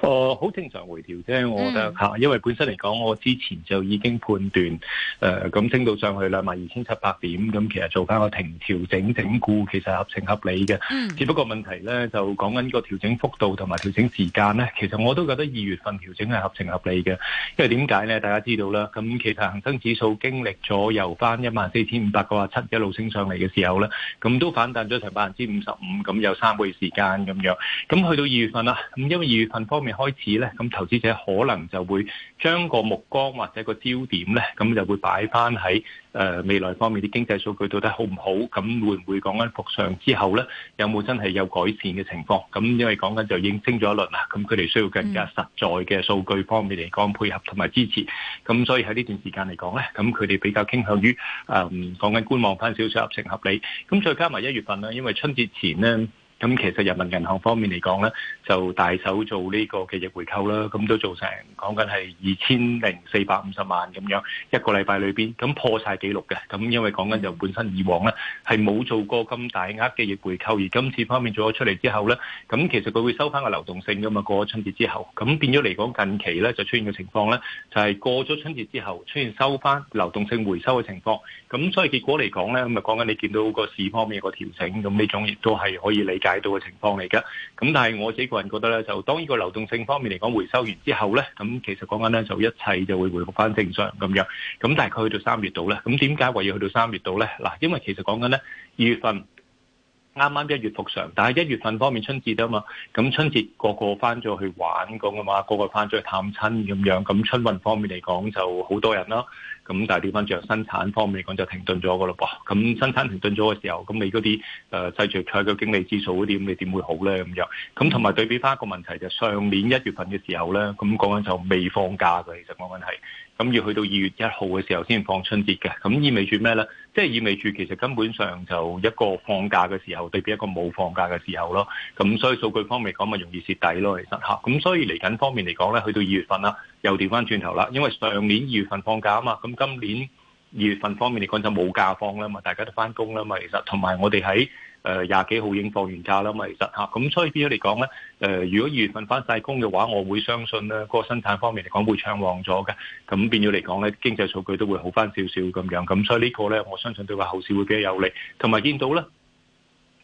哦、呃，好正常回調啫，我覺得、mm. 因為本身嚟講，我之前就已經判斷，誒、呃、咁升到上去兩萬二千七百點，咁其實做翻個停調整整固，其實合情合理嘅。嗯、mm.，只不過問題咧就講緊個調整幅度同埋調整時間咧，其實我都覺得二月份調整係合情合理嘅，因為點解咧？大家知道啦，咁其實恒生指數經歷咗由翻一萬四千五百個話七一路升上嚟嘅時候咧，咁都反彈咗成百分之五十五，咁有三個月時間咁樣，咁去到二月份啦，咁因為二月份方面。開始咧，咁投資者可能就會將個目光或者個焦點咧，咁就會擺翻喺誒未來方面啲經濟數據到底好唔好？咁會唔會講緊復上之後咧，有冇真係有改善嘅情況？咁因為講緊就已經升咗一輪啦，咁佢哋需要更加實在嘅數據方面嚟講配合同埋支持。咁所以喺呢段時間嚟講咧，咁佢哋比較傾向於誒講緊觀望翻少少，合情合理。咁再加埋一月份啦，因為春節前咧。咁其實人民銀行方面嚟講咧，就大手做呢個嘅逆回購啦，咁都做成講緊係二千零四百五十萬咁樣一個禮拜裏邊，咁破晒記錄嘅。咁因為講緊就本身以往咧係冇做過咁大額嘅逆回購，而今次方面做咗出嚟之後咧，咁其實佢會收翻個流動性噶嘛。過咗春節之後，咁變咗嚟講近期咧就出現嘅情況咧，就係過咗春節之後出現收翻流動性回收嘅情況。咁所以結果嚟講咧，咁啊講緊你見到個市方面個調整，咁呢種亦都係可以理解。解到嘅情況嚟噶，咁但係我自己個人覺得咧，就當依個流動性方面嚟講回收完之後咧，咁其實講緊咧就一切就會回復翻正常咁樣，咁但係佢去到三月度咧，咁點解話要去到三月度咧？嗱，因為其實講緊咧二月份。啱啱一月復常，但係一月份方面春節啊嘛，咁春節個個翻咗去玩咁啊嘛，個個翻咗去探親咁樣，咁春運方面嚟講就好多人啦。咁但係調翻轉由生產方面嚟講就停頓咗個喇噃。咁生產停頓咗嘅時候，咁你嗰啲誒製造廠嘅經理指數嗰啲，咁你點會好咧咁樣？咁同埋對比翻一個問題就上年一月份嘅時候咧，咁講緊就未放假嘅，其實冇問題。咁要去到二月一號嘅時候先放春節嘅，咁意味住咩咧？即係意味住，其實根本上就一個放假嘅時候，對比一個冇放假嘅時候咯。咁所以數據方面講，咪容易蝕底咯。其實嚇，咁所以嚟緊方面嚟講咧，去到二月份啦，又調返轉頭啦。因為上年二月份放假啊嘛，咁今年二月份方面嚟講就冇假放啦嘛，大家都翻工啦嘛。其實同埋我哋喺。誒廿幾號已經放完假啦嘛，其實嚇，咁所以變咗嚟講咧，誒如果二月份翻曬工嘅話，我會相信咧，個生產方面嚟講會暢旺咗嘅，咁變咗嚟講咧，經濟數據都會好翻少少咁樣，咁所以呢個咧，我相信對個後市會比較有利，同埋見到咧。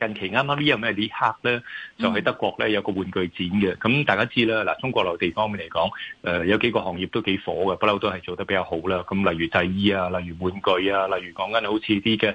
近期啱啱呢日咩呢刻咧，就喺德國咧有個玩具展嘅。咁大家知啦，嗱中國內地方面嚟講，誒有幾個行業都幾火嘅，不嬲都係做得比較好啦。咁例如製衣啊，例如玩具啊，例如講緊好似啲嘅誒，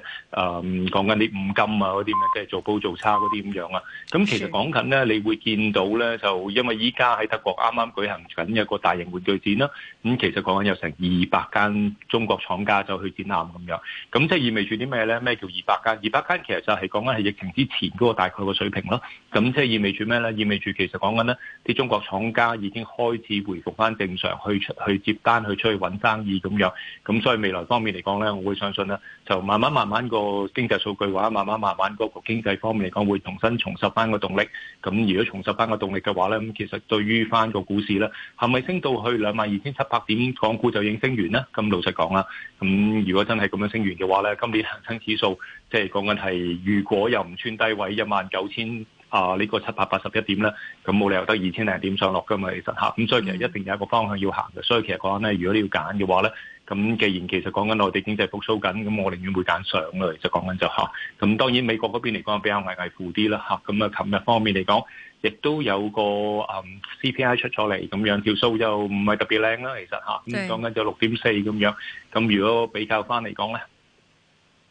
講緊啲五金啊嗰啲咩，即係做煲做叉嗰啲咁樣啊。咁其實講緊咧，你會見到咧，就因為依家喺德國啱啱舉行緊一個大型玩具展啦。咁其實講緊有成二百間中國廠家就去展覽咁樣。咁即係意味住啲咩咧？咩叫二百間？二百間其實就係講緊係疫情。之前嗰個大概個水平咯，咁即係意味住咩咧？意味住其實講緊咧，啲中國廠家已經開始回復翻正常，去出去接單，去出去揾生意咁樣。咁所以未來方面嚟講咧，我會相信咧，就慢慢慢慢個經濟數據話，慢慢慢慢嗰個經濟方面嚟講會重新重拾翻個動力。咁如果重拾翻個動力嘅話咧，咁其實對於翻個股市咧，係咪升到去兩萬二千七百點港股就已經升完咧？咁老實講啦，咁如果真係咁樣升完嘅話咧，今年恒生指數即係講緊係，如果又唔串低位一萬九千啊！呢個七百八十一點咧，咁冇理由得二千零點上落㗎嘛？其實嚇，咁所以其實一定有一個方向要行嘅。所以其實講咧，如果你要揀嘅話咧，咁既然其實講緊內地經濟復甦緊，咁我寧願會揀上啦。其實講緊就嚇，咁當然美國嗰邊嚟講比較危危乎啲啦嚇。咁啊，琴日方面嚟講，亦都有個嗯 CPI 出咗嚟，咁樣條數又唔係特別靚啦。其實嚇，咁講緊就六點四咁樣。咁如果比較翻嚟講咧？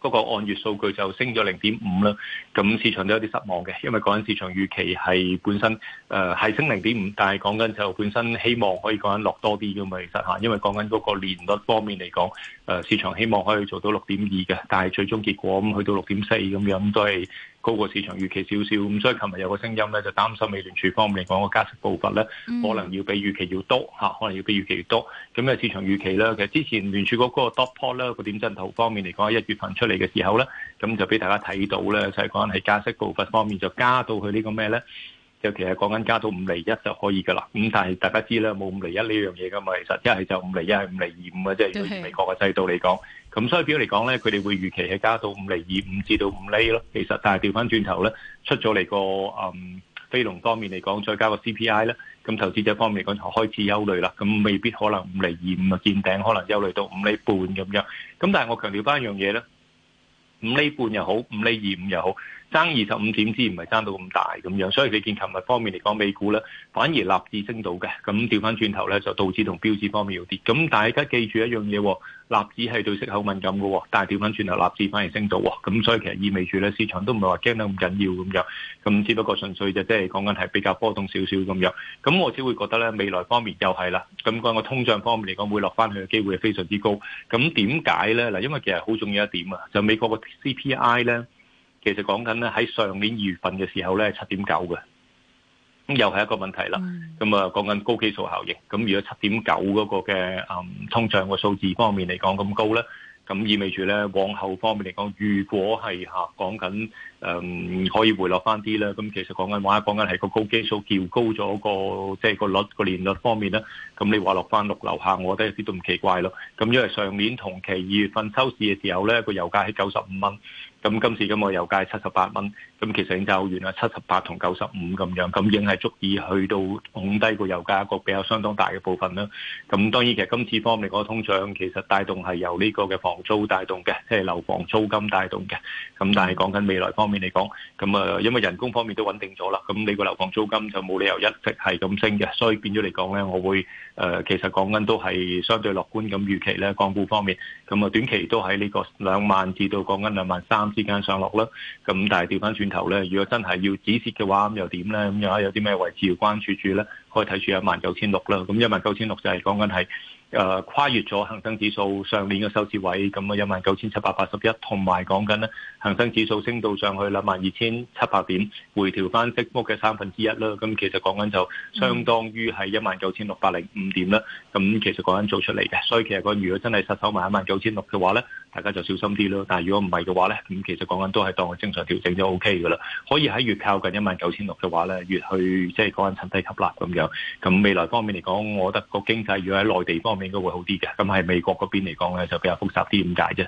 嗰、那個按月數據就升咗零點五啦，咁市場都有啲失望嘅，因為講緊市場預期係本身誒係、呃、升零點五，但係講緊就本身希望可以講緊落多啲嘅嘛，其實嚇因為講緊嗰個年率方面嚟講，誒、呃、市場希望可以做到六點二嘅，但係最終結果咁去到六點四咁樣都係。高過市場預期少少，咁所以琴日有個聲音咧，就擔心美聯儲方面嚟講個加息步伐咧，可能要比預期要多，可能要比預期要多。咁啊，市場預期咧，其實之前聯儲嗰個 dot plot 咧個點陣圖方面嚟講，一月份出嚟嘅時候咧，咁就俾大家睇到咧，就係講係加息步伐方面就加到去個呢個咩咧？就其實講緊加到五厘一就可以㗎啦，咁但係大家知啦，冇五厘一呢樣嘢噶嘛，其實一係就五厘一，係五厘二五啊，即係如果美國嘅制度嚟講，咁所以表嚟講咧，佢哋會預期係加到五厘二五至到五厘咯。其實但係掉翻轉頭咧，出咗嚟個嗯非農方面嚟講，再加個 CPI 咧，咁投資者方面嚟講就開始憂慮啦。咁未必可能五厘二五啊見頂，可能憂慮到五厘半咁樣。咁但係我強調翻一樣嘢咧，五厘半又好，五厘二五又好。爭二十五點之，唔係爭到咁大咁樣，所以你見琴日方面嚟講，美股咧反而納指升到嘅。咁調翻轉頭咧就道指同標指方面要跌。咁大家記住一樣嘢，納指係對息口敏感嘅，但係調翻轉頭納指反而升到喎，咁所以其實意味住咧市場都唔係話驚得咁緊要咁樣，咁只不過純粹就即係講緊係比較波動少少咁樣。咁我只會覺得咧未來方面又係啦，咁、那、講個通脹方面嚟講會落翻去嘅機會係非常之高。咁點解咧？嗱，因為其實好重要一點啊，就美國個 CPI 咧。其實講緊咧，喺上年二月份嘅時候咧，係七點九嘅，咁又係一個問題啦。咁啊，講緊高基數效應。咁如果七點九嗰個嘅嗯通脹嘅數字方面嚟講咁高咧，咁意味住咧，往後方面嚟講，如果係嚇講緊。誒可以回落翻啲咧，咁其實講緊話講緊係個高基數叫高咗個，即係個率個年率方面咧，咁你話落翻六樓下，我覺得一啲都唔奇怪咯。咁因為上年同期二月份收市嘅時候咧，個油價係九十五蚊，咁今次咁嘅油價係七十八蚊，咁其實已經就好遠啦，七十八同九十五咁樣，咁已經係足以去到控低個油價一個比較相當大嘅部分啦。咁當然其實今次方面嗰個通脹，其實帶動係由呢個嘅房租帶動嘅，即係樓房租金帶動嘅。咁但係講緊未來方面嚟講，咁啊，因為人工方面都穩定咗啦，咁你個樓房租金就冇理由一直係咁升嘅，所以變咗嚟講咧，我會誒，其實講緊都係相對樂觀咁預期咧，港股方面，咁啊，短期都喺呢個兩萬至到講緊兩萬三之間上落啦。咁但係調翻轉頭咧，如果真係要止蝕嘅話，咁又點咧？咁又啊，有啲咩位置要關注住咧？可以睇住一萬九千六啦。咁一萬九千六就係講緊係。誒跨越咗恒生指數上年嘅收市位，咁啊，一萬九千七百八十一，同埋講緊咧，恒生指數升到上去兩萬二千七百點，回調翻跌幅嘅三分之一啦。咁其實講緊就相當於係一萬九千六百零五點啦。咁其實講緊做出嚟嘅，所以其實個如果真係實收埋一萬九千六嘅話咧。大家就小心啲咯，但係如果唔係嘅話咧，咁其實講緊都係當佢正常調整就 O K 㗎啦，可以喺越靠近一萬九千六嘅話咧，越去即係講緊層低吸納咁樣，咁未來方面嚟講，我覺得個經濟如果喺內地方面應該會好啲嘅，咁喺美國嗰邊嚟講咧就比較複雜啲，點解啫？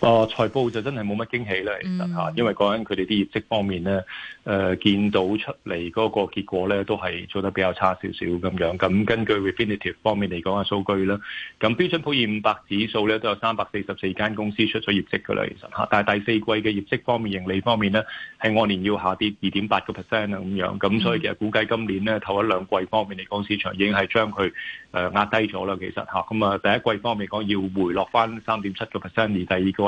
啊、哦，財報就真係冇乜驚喜啦，其實吓、嗯，因為講緊佢哋啲業績方面咧，誒、呃、見到出嚟嗰個結果咧，都係做得比較差少少咁樣。咁根據 Refinitiv 方面嚟講嘅數據啦，咁標準普爾五百指數咧都有三百四十四間公司出咗業績㗎啦，其實吓。但係第四季嘅業績方面、盈利方面咧，係按年要下跌二點八個 percent 啊咁樣。咁所以其實估計今年咧頭一兩季方面嚟講，市場已經係將佢誒、呃、壓低咗啦，其實吓。咁啊第一季方面講要回落返三點七個 percent，而第二個。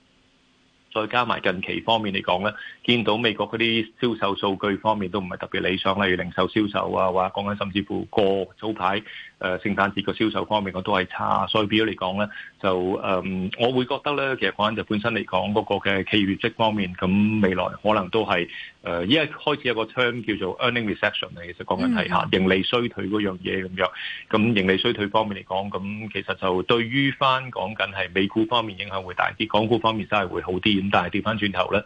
再加埋近期方面嚟講咧，見到美國嗰啲銷售數據方面都唔係特別理想，例如零售銷售啊，或者講緊甚至乎過早排。誒、呃、聖誕節個銷售方面我都係差，所以比咗嚟講咧，就誒、嗯，我會覺得咧，其實講緊就本身嚟講嗰、那個嘅企業績方面，咁未來可能都係誒，依、呃、家開始有個 term 叫做 earning recession，其實講緊係下、嗯、盈利衰退嗰樣嘢咁樣，咁盈利衰退方面嚟講，咁其實就對於翻講緊係美股方面影響會大啲，港股方面真係會好啲，咁但係掉翻轉頭咧。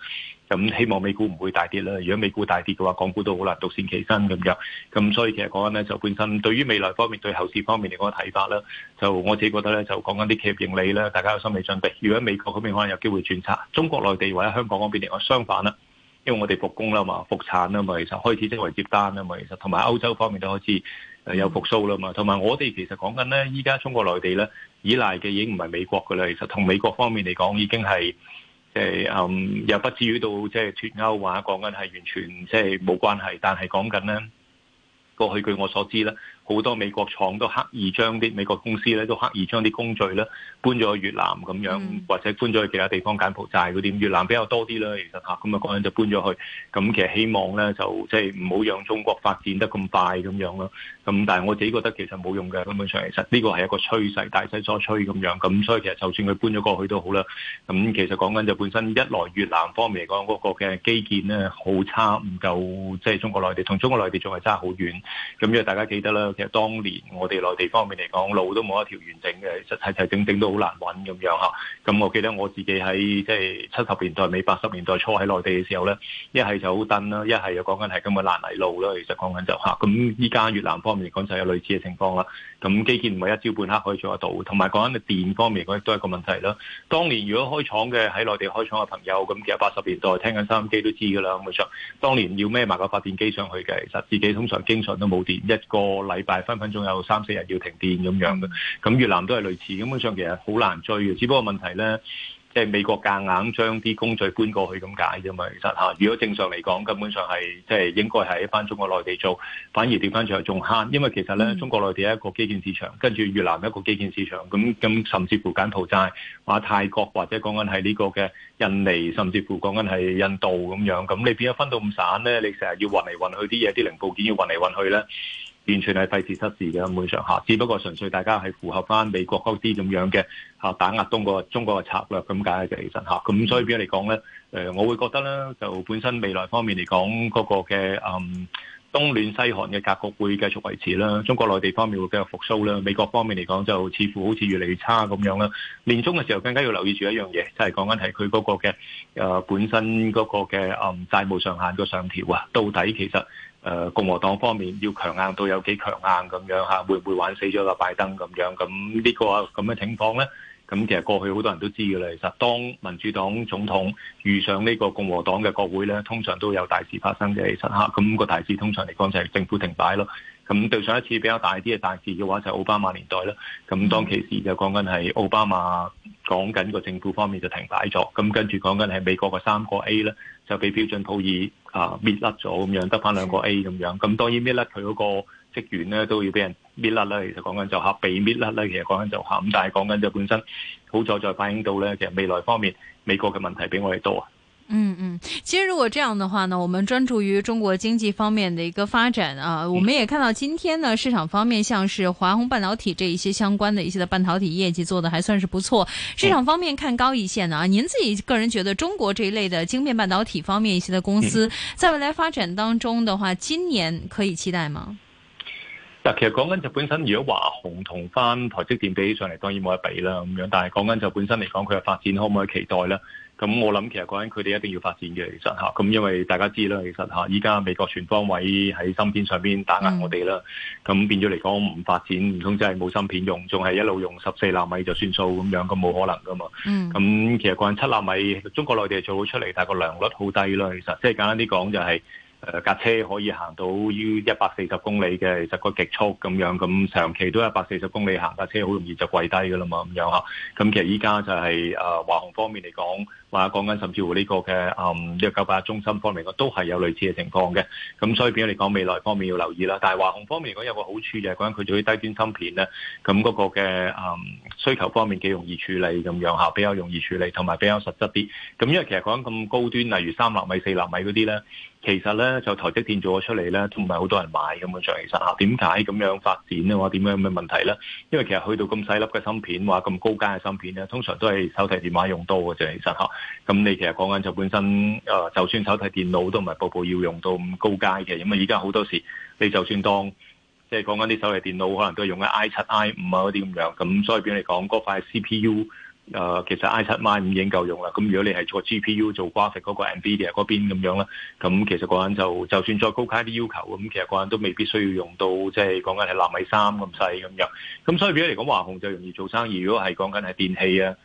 咁希望美股唔會大跌啦。如果美股大跌嘅話，港股都好難獨善其身咁樣。咁所以其實講緊咧，就本身對於未來方面、對後市方面嚟講嘅睇法咧，就我自己覺得咧，就講緊啲企業盈利咧，大家有心理準備。如果美國嗰邊可能有機會轉差，中國內地或者香港嗰邊嚟講相反啦，因為我哋復工啦嘛，復產啦嘛，其實開始即為接單啦嘛，其實同埋歐洲方面都開始有復甦啦嘛。同埋我哋其實講緊咧，依家中國內地咧，依賴嘅已經唔係美國嘅啦。其實同美國方面嚟講，已經係。即、就是嗯、又不至於到即係脱歐話講緊係完全即係冇關係，但係講緊咧，過去據我所知啦。好多美國廠都刻意將啲美國公司咧，都刻意將啲工序咧搬咗去越南咁樣、嗯，或者搬咗去其他地方，柬埔寨嗰啲，越南比較多啲啦。其實嚇，咁啊嗰樣就搬咗去。咁其實希望咧，就即係唔好讓中國發展得咁快咁樣咯。咁但係我自己覺得其實冇用嘅根本上，其實呢個係一個趨勢，大勢所趨咁樣。咁所以其實就算佢搬咗過去都好啦。咁其實講緊就本身一來越南方面嚟講嗰、那個嘅基建咧好差，唔夠即係、就是、中國內地，同中國內地仲係差好遠。咁因為大家記得啦。其實當年我哋內地方面嚟講路都冇一條完整嘅，係齊齊整整都好難揾咁樣吓。咁我記得我自己喺即係七十年代尾、八十年代初喺內地嘅時候咧，一係就好蹬啦，一係又講緊係咁嘅爛泥路啦。其實講緊就吓、是，咁依家越南方面嚟講就有類似嘅情況啦。咁基建唔係一朝半刻可以做得到，同埋講緊嘅電方面嗰亦都係個問題啦。當年如果開廠嘅喺內地開廠嘅朋友，咁其實八十年代聽緊收音機都知噶啦咁當年要孭埋個發電機上去嘅，其實自己通常經常都冇電，一個禮。但係分分鐘有三四日要停電咁樣嘅，咁越南都係類似，根本上其實好難追嘅。只不過問題咧，即係美國夾硬將啲工序搬過去咁解啫嘛。其實如果正常嚟講，根本上係即係應該係喺翻中國內地做，反而調翻場又仲慳。因為其實咧，中國內地一個基建市場，跟住越南一個基建市場，咁咁甚至乎柬埔寨，話泰國或者講緊係呢個嘅印尼，甚至乎講緊係印度咁樣，咁你變咗分到咁散咧？你成日要運嚟運去啲嘢，啲零部件要運嚟運去咧。完全係費事失事嘅根本上下，只不過純粹大家係符合翻美國嗰啲咁樣嘅嚇，打壓中國中國嘅策略咁解嘅，其實嚇，咁所以比較嚟講咧，誒我會覺得咧就本身未來方面嚟講，嗰、那個嘅誒東暖西寒嘅格局會繼續維持啦。中國內地方面會比較復甦啦，美國方面嚟講就似乎好似越嚟越差咁樣啦。年終嘅時候更加要留意住一樣嘢，即係講緊係佢嗰個嘅誒、呃、本身嗰個嘅誒、嗯、債務上限個上調啊，到底其實。誒共和黨方面要強硬到有幾強硬咁樣嚇，會唔會玩死咗個拜登咁樣？咁呢個咁嘅情況咧，咁其實過去好多人都知嘅啦。其實當民主黨總統遇上呢個共和黨嘅國會咧，通常都有大事發生嘅。其實吓咁個大事通常嚟講就係政府停擺咯。咁對上一次比較大啲嘅大事嘅話就係奧巴馬年代啦。咁當其時就講緊係奧巴馬講緊個政府方面就停擺咗。咁跟住講緊係美國嘅三個 A 咧，就俾標準普爾，啊！搣甩咗咁樣，得翻兩個 A 咁樣。咁當然搣甩佢嗰個職員咧，都要俾人搣甩啦。其實講緊就吓被搣甩啦。其實講緊就吓。咁但係講緊就本身好彩，再反映到咧，其實未來方面美國嘅問題俾我哋多啊。嗯嗯，其實如果這樣的話呢，我們專注於中國經濟方面的一個發展啊，我們也看到今天呢，市場方面像是華虹半導體這一些相關的一些的半導體業績做得還算是不錯。市場方面看高一線啊，嗯，您自己個人覺得中國這一類的晶片半導體方面一些的公司在未來發展當中的話，今年可以期待嗎？其實講緊就本身，如果華虹同翻台積電比起上嚟，當然冇得比啦。咁樣，但係講緊就本身嚟講，佢嘅發展可唔可以期待呢？咁我諗其實講緊佢哋一定要發展嘅，其實吓，咁因為大家知啦，其實吓，依家美國全方位喺芯片上邊打壓我哋啦，咁、嗯、變咗嚟講唔發展，唔通真係冇芯片用，仲係一路用十四納米就算數咁樣，咁冇可能噶嘛。咁、嗯、其實講緊七納米，中國內地做到出嚟，但係個良率好低啦。其實，即係簡單啲講就係、是，誒架車可以行到於一百四十公里嘅，其實個極速咁樣，咁長期都一百四十公里行架車好容易就跪低噶啦嘛，咁樣吓，咁其實依家就係誒華虹方面嚟講。話講緊甚至乎呢個嘅一九八中心方面，都係有類似嘅情況嘅。咁所以變咗嚟講，未來方面要留意啦。但係華虹方面如有個好處嘅、就係，講緊佢做啲低端芯片咧，咁嗰個嘅誒、嗯、需求方面幾容易處理咁樣嚇，比較容易處理，同埋比較實質啲。咁因為其實講緊咁高端，例如三納米、四納米嗰啲咧，其實咧就台積電做咗出嚟咧，都唔係好多人買咁樣上。其實嚇點解咁樣發展嘅話，點樣嘅問題咧？因為其實去到咁細粒嘅芯片，話咁高階嘅芯片咧，通常都係手提電話用多嘅啫。其實嚇。咁你其實講緊就本身誒、呃,就算手提電腦都唔係部部要用到咁高階嘅，因為而家好多時你就算當即係講緊啲手提電腦，可能都係用緊 I 七、I 五啊嗰啲咁樣，咁所以譬如嚟講嗰塊 CPU 誒、呃,其實 I 七、I 五已經夠用啦。咁如果你係做 GPU 做 graphics 嗰個 Nvidia 嗰邊咁樣啦，咁其實講緊就就算再高階啲要求，咁其實講緊都未必需要用到即係講緊係納米三咁細咁樣小。咁所以譬如嚟講，華虹就容易做生意。如果係講緊係電器啊。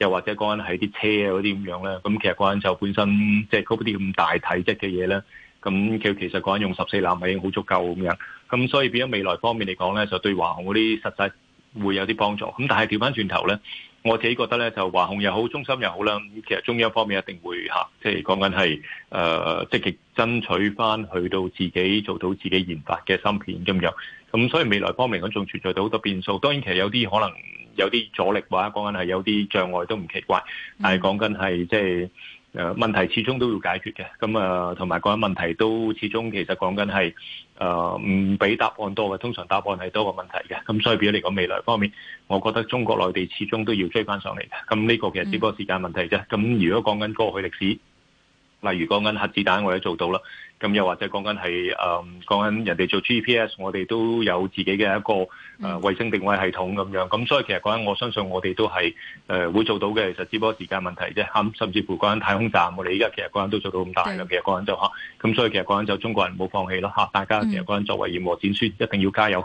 又或者講緊係啲車啊嗰啲咁樣咧，咁其實嗰陣就本身即係嗰啲咁大體積嘅嘢咧，咁其實講緊用十四納米已經好足夠咁樣，咁所以變咗未來方面嚟講咧，就對華虹嗰啲實際會有啲幫助。咁但係調翻轉頭咧，我自己覺得咧就華虹又好，中芯又好啦。咁其實中央方面一定會嚇，即係講緊係誒積極爭取翻去到自己做到自己研發嘅芯片咁樣。咁所以未來方面咁仲存在到好多變數。當然其實有啲可能。有啲阻力話講緊係有啲障礙都唔奇怪，但係講緊係即係誒問題始終都要解決嘅。咁啊，同埋講緊問題都始終其實講緊係誒唔俾答案多嘅，通常答案係多過問題嘅。咁所以變咗嚟講未來方面，我覺得中國內地始終都要追翻上嚟嘅。咁呢個其實只不過時間問題啫。咁、嗯、如果講緊過去歷史。例如講緊核子彈，我哋做到啦。咁又或者講緊係誒講緊人哋做 GPS，我哋都有自己嘅一個誒、呃、衛星定位系統咁樣。咁所以其實講緊，我相信我哋都係誒、呃、會做到嘅。其實只不過時間問題啫。甚至乎講緊太空站，我哋依家其實講緊都做到咁大啦。其實講緊就吓咁所以其實講緊就中國人冇放棄咯。嚇，大家其實講緊作為炎黃子孫一定要加油。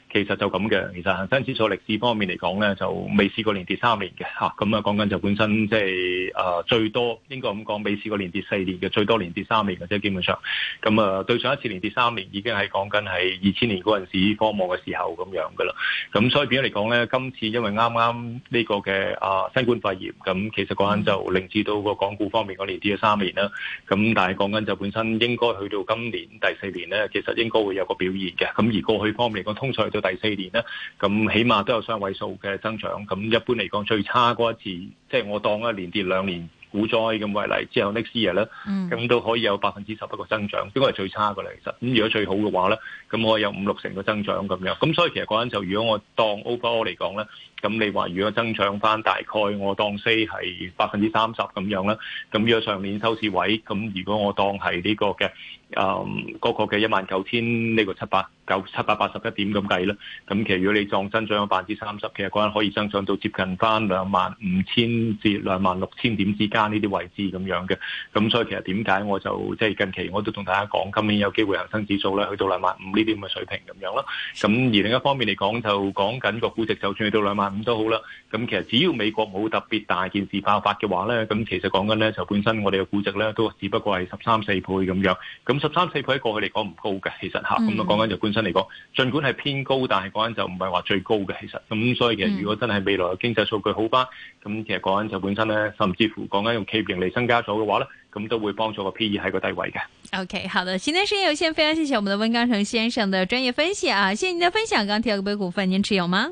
其實就咁嘅，其實恆生指數歷史方面嚟講咧，就未試過連跌三年嘅嚇。咁啊，講緊就本身即係啊，最多應該咁講，未試過連跌四年嘅，最多連跌三年嘅啫。基本上，咁啊，對上一次連跌三年已經係講緊係二千年嗰陣時科網嘅時候咁樣噶啦。咁所以變咗嚟講咧，今次因為啱啱呢個嘅啊新冠肺炎，咁其實講緊就令至到個港股方面個連跌三年啦。咁但係講緊就本身應該去到今年第四年咧，其實應該會有個表現嘅。咁而過去方面嚟講，通常都第四年咧，咁起碼都有三位數嘅增長。咁一般嚟講，最差嗰一次，即係我當一年跌兩年股災咁為例，之後 next year 咧，咁都可以有百分之十個增長，應該係最差嘅啦。其實，咁如果最好嘅話咧，咁我有五六成嘅增長咁樣。咁所以其實嗰陣就，如果我當 overall 嚟講咧。咁你話如果增長翻大概我當 say 係百分之三十咁樣啦，咁如果上年收市位，咁如果我當係呢、這個嘅誒嗰個嘅一萬九千呢個七百九七百八十一點咁計啦。咁其實如果你撞增長百分之三十，其實嗰陣可以升上到接近翻兩萬五千至兩萬六千點之間呢啲位置咁樣嘅，咁所以其實點解我就即係、就是、近期我都同大家講，今年有機會恒生指數咧去到兩萬五呢啲咁嘅水平咁樣啦。咁而另一方面嚟講，就講緊個估值，就算去到兩萬。咁都好啦，咁其實只要美國冇特別大件事爆發嘅話咧，咁其實講緊咧，就本身我哋嘅估值咧都只不過係十三四倍咁樣，咁十三四倍喺過去嚟講唔高嘅，其實吓，咁啊講緊就本身嚟講，盡管係偏高，但係講緊就唔係話最高嘅。其實咁所以其實如果真係未來嘅經濟數據好翻，咁、嗯、其實講緊就本身咧，甚至乎講緊用企業盈利增加咗嘅話咧，咁都會幫助個 P/E 喺個低位嘅。OK，好的，今日時間有限，非常謝謝我們的溫鋼城先生的專業分析啊，謝謝您的分享。剛剛提到嘅股份，您持有嗎？